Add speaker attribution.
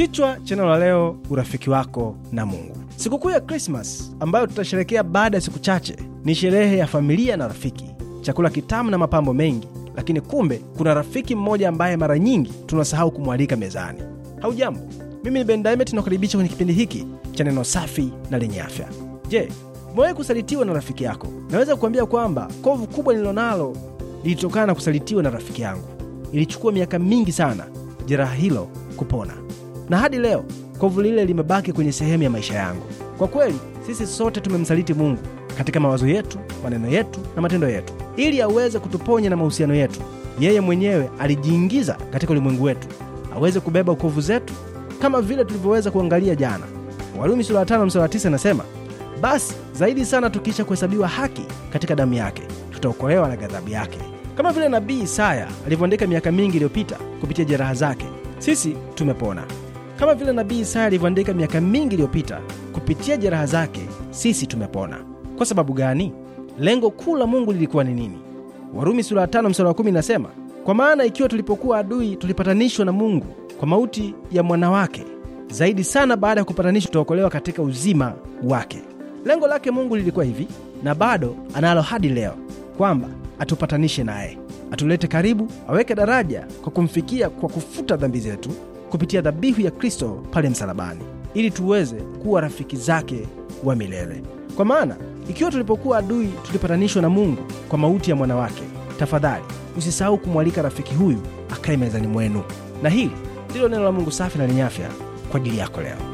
Speaker 1: Kichwa cha neno la leo, urafiki wako na Mungu. Sikukuu ya Krismas ambayo tutasherekea baada ya siku chache ni sherehe ya familia na rafiki, chakula kitamu na mapambo mengi, lakini kumbe kuna rafiki mmoja ambaye mara nyingi tunasahau kumwalika mezani. Haujambo, mimi ni Ben Daimet, nakukaribisha kwenye kipindi hiki cha neno safi na lenye afya. Je, umewahi kusalitiwa na rafiki yako? Naweza kukuambia kwamba kovu kubwa nililonalo lilitokana na kusalitiwa na rafiki yangu. Ilichukua miaka mingi sana jeraha hilo kupona na hadi leo kovu lile limebaki kwenye sehemu ya maisha yangu. Kwa kweli sisi sote tumemsaliti Mungu katika mawazo yetu, maneno yetu na matendo yetu, ili aweze kutuponya na mahusiano yetu. Yeye mwenyewe alijiingiza katika ulimwengu wetu aweze kubeba ukovu zetu, kama vile tulivyoweza kuangalia jana. Warumi sura tano mstari inasema, basi zaidi sana tukiisha kuhesabiwa haki katika damu yake, tutaokolewa na ghadhabu yake. Kama vile nabii Isaya alivyoandika miaka mingi iliyopita kupitia jeraha zake, sisi tumepona. Kama vile nabii Isaya alivyoandika miaka mingi iliyopita, kupitia jeraha zake sisi tumepona. Kwa sababu gani? Lengo kuu la Mungu lilikuwa ni nini? Warumi sura ya 5 mstari wa 1 inasema, kwa maana ikiwa tulipokuwa adui tulipatanishwa na Mungu kwa mauti ya mwana wake, zaidi sana baada ya kupatanishwa tutaokolewa katika uzima wake. Lengo lake Mungu lilikuwa hivi, na bado analo hadi leo, kwamba atupatanishe naye, atulete karibu, aweke daraja kwa kumfikia kwa kufuta dhambi zetu kupitia dhabihu ya Kristo pale msalabani, ili tuweze kuwa rafiki zake wa milele. Kwa maana ikiwa tulipokuwa adui tulipatanishwa na Mungu kwa mauti ya mwana wake, tafadhali usisahau kumwalika rafiki huyu akae mezani mwenu. Na hili ndilo neno la Mungu safi na lenye afya kwa ajili yako leo.